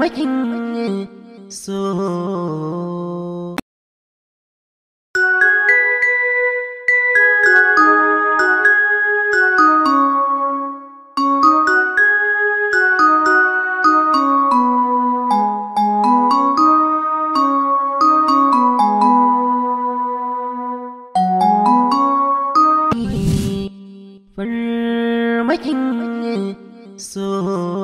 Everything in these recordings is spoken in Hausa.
makin so Farmakin so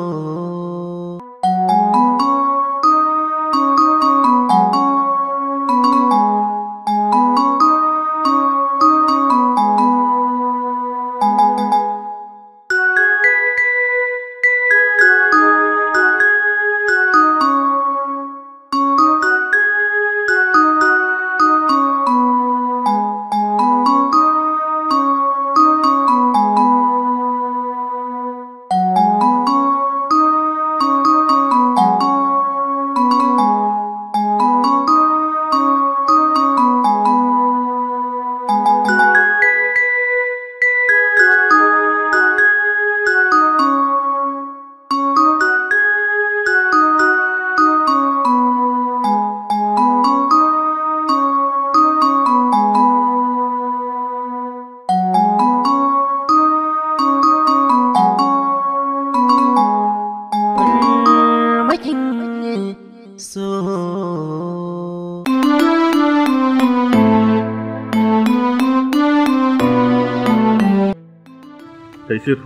bashir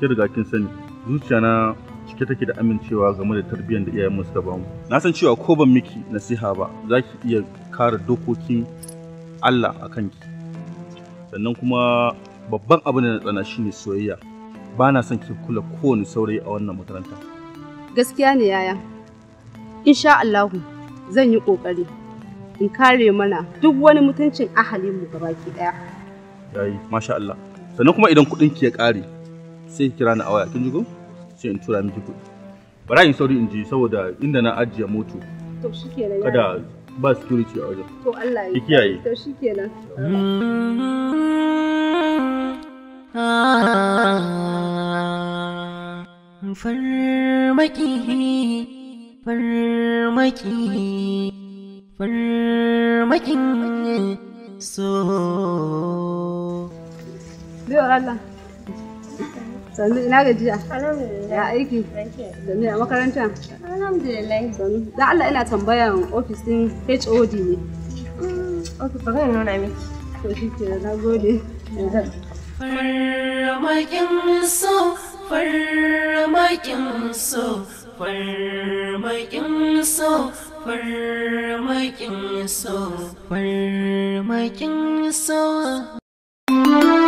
ke riga kin sani zuciya na cike take da amincewa game da tarbiyyar da iyayenmu suka bamu na san cewa ko ban miki nasiha ba za ki iya kare dokokin Allah a kanki sannan kuma babban abin da na tsana shine soyayya ba na son ki kula kowane saurayi a wannan makaranta gaskiya ne yaya insha Allah zan yi kokari in kare mana duk wani mutuncin ahalin mu ki daya yayi masha Allah sannan kuma idan kuɗin ki ya ƙare sai ki kira ni a waya kin ji ko sai in tura miki kuɗi bara in sauri in ji saboda inda na ajiye moto to shikenan kada ba security a wajen to Allah ya kiyaye to shikenan farmaki farmaki farmakin so Biyo Allah. Sannu ina gajiya? Alhamdulillah. Ya aiki? Sannu a makaranta? Alhamdulillah. Sannu. Da Allah ina tambaya ofis din HOD ne. Ofis ba zan nuna miki. To shi ke na gode. Farmakin so, farmakin so, farmakin so, farmakin so, farmakin so.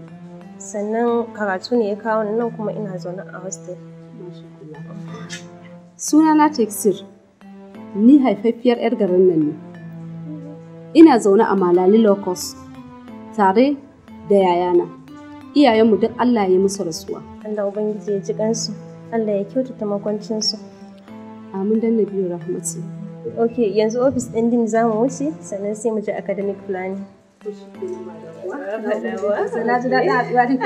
sannan karatu ne ya kawo nan kuma ina zaune a hostel sunana texir ni haifaffiyar 'yar garin nan ne ina zaune a malali Locos tare da yayana iyayenmu duk allah ya musu rasuwa allah ubangiji ya ji kansu allah ya kyautata makwancinsu amin dan na biyu rahmatu ok yanzu ofis ɗin din za mu wuce sannan sai mu je academic planning Na ji daɗin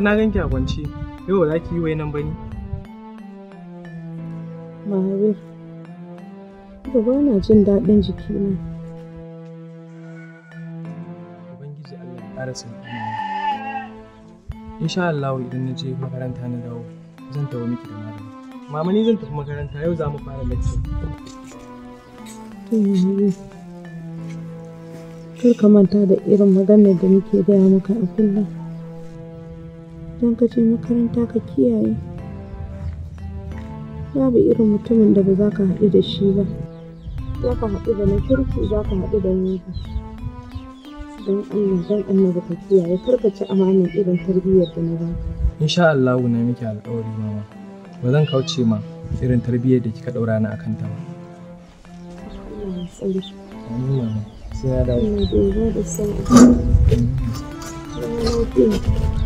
ga na ganki a kwance yau ba za ki yi wainan ba ne mari da ba na jin daɗin jikina ubangiji allah ya ƙara sauƙi insha allah idan na je makaranta na dawo zan tawo miki da magani mama ni zan tafi makaranta yau za mu fara lecture kar ka manta da irin maganar da muke gaya maka a kullum don ka je makaranta ka kiyaye babu irin mutumin da ba za ka haɗu da shi ba za ka haɗu da na kirki za ka haɗu da nufi. don allah don annabi ka kiyaye kar ka ci amanin irin tarbiyyar da na baka insha allah na miki alƙawari mama ba zan kauce ma irin tarbiyyar da kika ɗaura ni a kanta ba Thank you.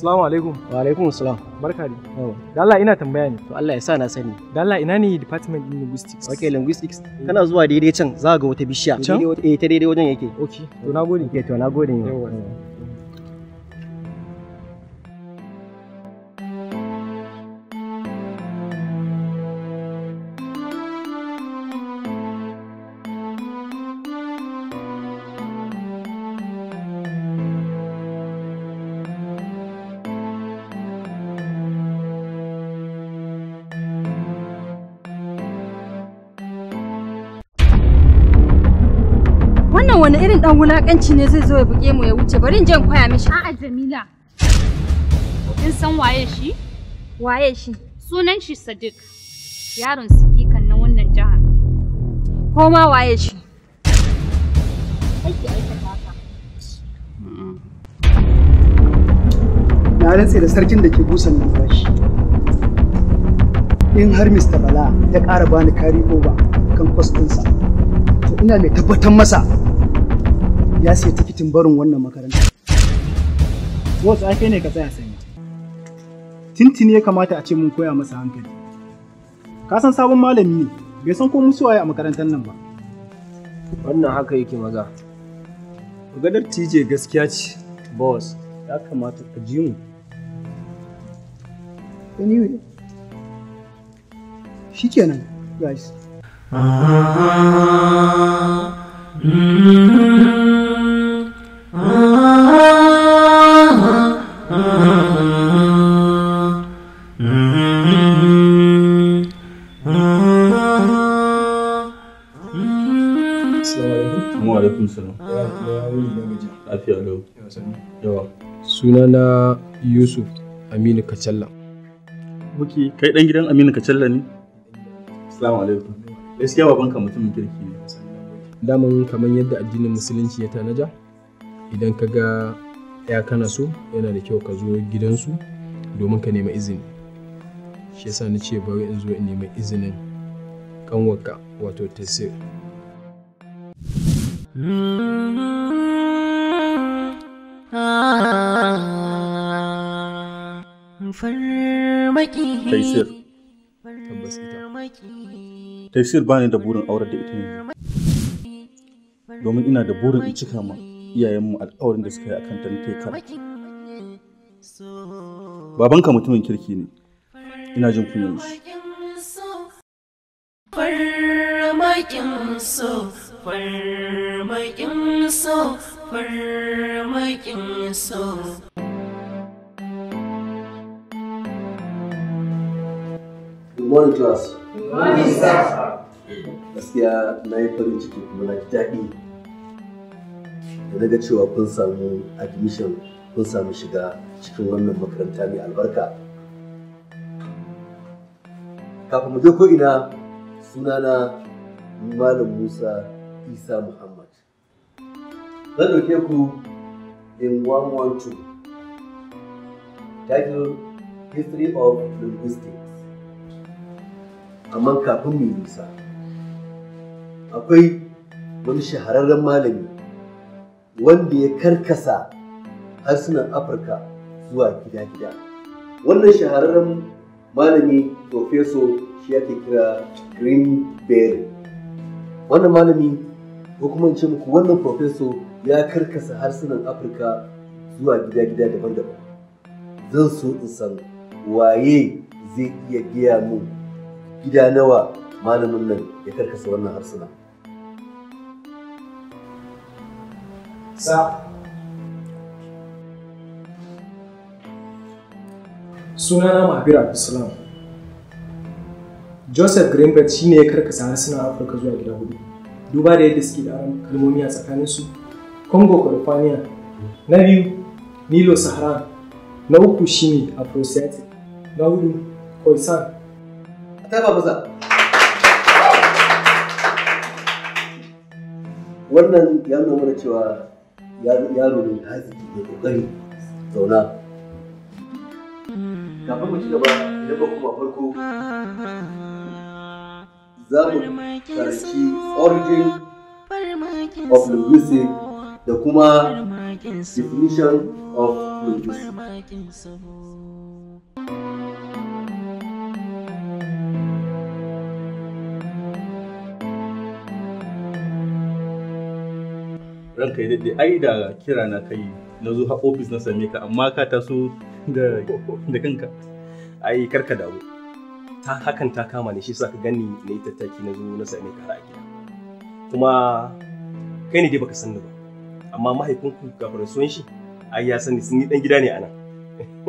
Assalamu alaikum. Wa alaikum assalam. Barka da. Da Allah ina tambaya ne. To Allah ya sa na sani. Da Allah ina ne department din linguistics. Okay, linguistics. Eh. Kana zuwa daidai can za ga wata bishiya. Can? Eh ta daidai wajen yake. Okay. To nagode. Okay, to nagode. Yawwa. wani irin dan wulakanci ne zai zo ya buge mu ya wuce bari in je in koya mishi a'a Jamila kin san waye shi waye shi sunan shi Sadiq yaron sikikan na wannan jihar ko ma waye shi na rantse da sarkin da ke busan numfashi in har Mr. Bala ya kara bani kari over kan kwas sa to ina mai tabbatar masa ya siya tikitin barin wannan makaranta. Wasu ai ne ka tsaya sanya. Tintini ya kamata a ce mun koya masa hankali. Ka san sabon malami ne, bai san ko musu waye a makarantar nan ba. Wannan haka yake maza. Maganar TJ gaskiya ce, boss, ya kamata ka ji mu. Anyway, shikenan, guys. Ah, mm -hmm. Sunana Yusuf Aminu Kacalla. Ok, kai ɗan gidan Aminu Kacalla ne? Assalamu alaikum. Gaskiya ka mutumin kirki ne. Daman kamar yadda addinin Musulunci ya tanaja, idan ka ga ya kana so yana da kyau ka zo gidansu domin ka nema izini shi yasa ni ce bari in zo in nema izinin kanwarka wato tasir Taisir. Taisir ba ni da burin aurar da ita ne. Domin ina da burin in cika ma iyayenmu alƙawarin da suka yi akan tantai babanka mutumin kirki ne ina jin kunyan shi good morning class good morning sir gaskiya na yi farin ciki kuma na daɗi da na ga cewa kun samu admission kun samu shiga cikin wannan makaranta mai albarka kafin mu je ko ina sunana malam musa isa muhammad zan ɗauke ku in 112 title history of linguistics amma kafin mu yi nisa akwai wani shahararren malami wanda ya karkasa harsunan afirka zuwa gida-gida wannan shahararren malami profeso shi ake kira Green greenberry wannan malami ko kuma in ce muku wannan profeso ya karkasa harsunan afirka zuwa gida-gida daban-daban zan so in san waye zai iya gaya mun gida nawa malamin nan ya karkasa wannan harsuna sa sunana mahabir abdulsalam joseph greenberg shine ya karkasa harsunan afirka zuwa gida hudu duba da yadda suke da aron kalmomi a tsakaninsu congo cordophania na biyu nilo sahara na uku ne afrosiatic na hudu khoisan taba baza wannan ya nuna mana cewa yaro ne hazi da kokari zauna kafin mu ci gaba idan ba kuma farko za mu karanci origin of linguistic da kuma definition of linguistic ranka ya daɗe ai da kira na kai na zo ofis na same ka amma ka taso da kanka ai karka dawo ta hakan ta kama ne shi sa ka gani na yi tattaki na zo na same ka kuma kai ne dai baka san ni ba amma mahaifinku ga farasuwan shi ai ya sani sun yi dan gida ne a nan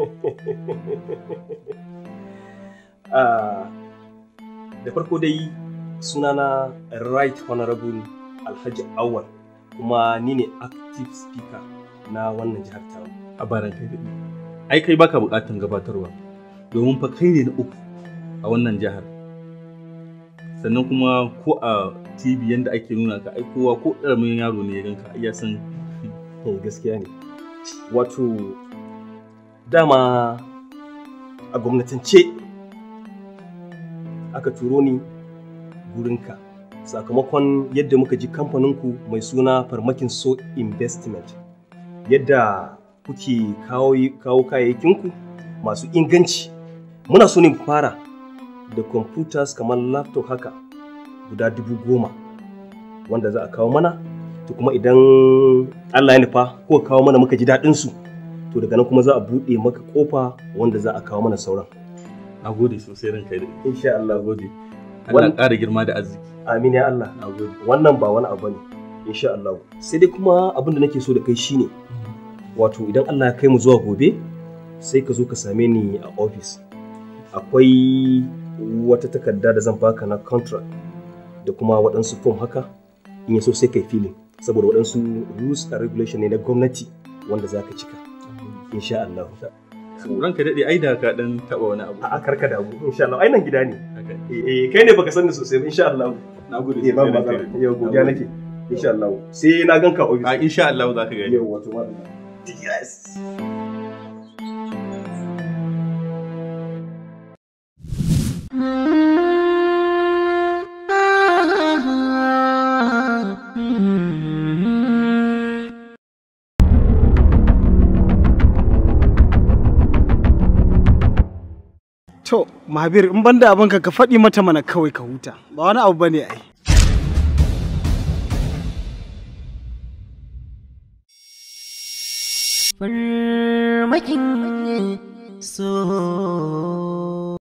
ah, da farko dai sunana right honorable alhaji awal kuma ni ne active speaker na wannan jihar ta A baran kai Ai kai baka bukatan gabatarwa domin fa kai ne na uku a wannan jihar. Sannan kuma ko a TV yanda ake nuna ka ai kowa ko ƙaramin yaro ne ya ganka ai ya san. gaskiya ne. Wato dama a gwamnatance aka turo ni gurinka. sakamakon yadda muka ji kamfaninku mai suna farmakin so investment yadda kuke kawo kayayyakinku masu inganci muna so ne fara da computers kamar laptop haka guda dubu goma wanda za a kawo mana to kuma idan allah ya nufa ko kawo mana muka ji su to daga nan kuma za a buɗe maka kofa wanda za a kawo mana sauran a gode sosai ranka da insha allah gode Allah ƙara girma da arziki amin ya Allah wannan ba wani abu ne insha Allah sai dai kuma abin da nake so da kai shine wato idan Allah ya kai mu zuwa gobe sai ka zo ka same ni a ofis akwai wata takarda da zan baka na contract da kuma waɗansu form haka in so sai kai filin saboda waɗansu rules and regulation ne na gwamnati wanda za ka cika insha Allah ranka ka daɗe ai da ka ɗan taɓa wani abu. A karka da abu insha Allah ai gida ne. Eh, eh kai ne baka sani sosai ba insha Allah. Na gode. Eh ba matsala. Yau godiya nake. Insha Allah. Sai na ganka ofis A insha Allah za ka gani. Yau wato ma. Yes. To, Mahabir, in banda abin ka ka faɗi mata mana kawai ka huta. Ba wani abu bane ai. Farmakin so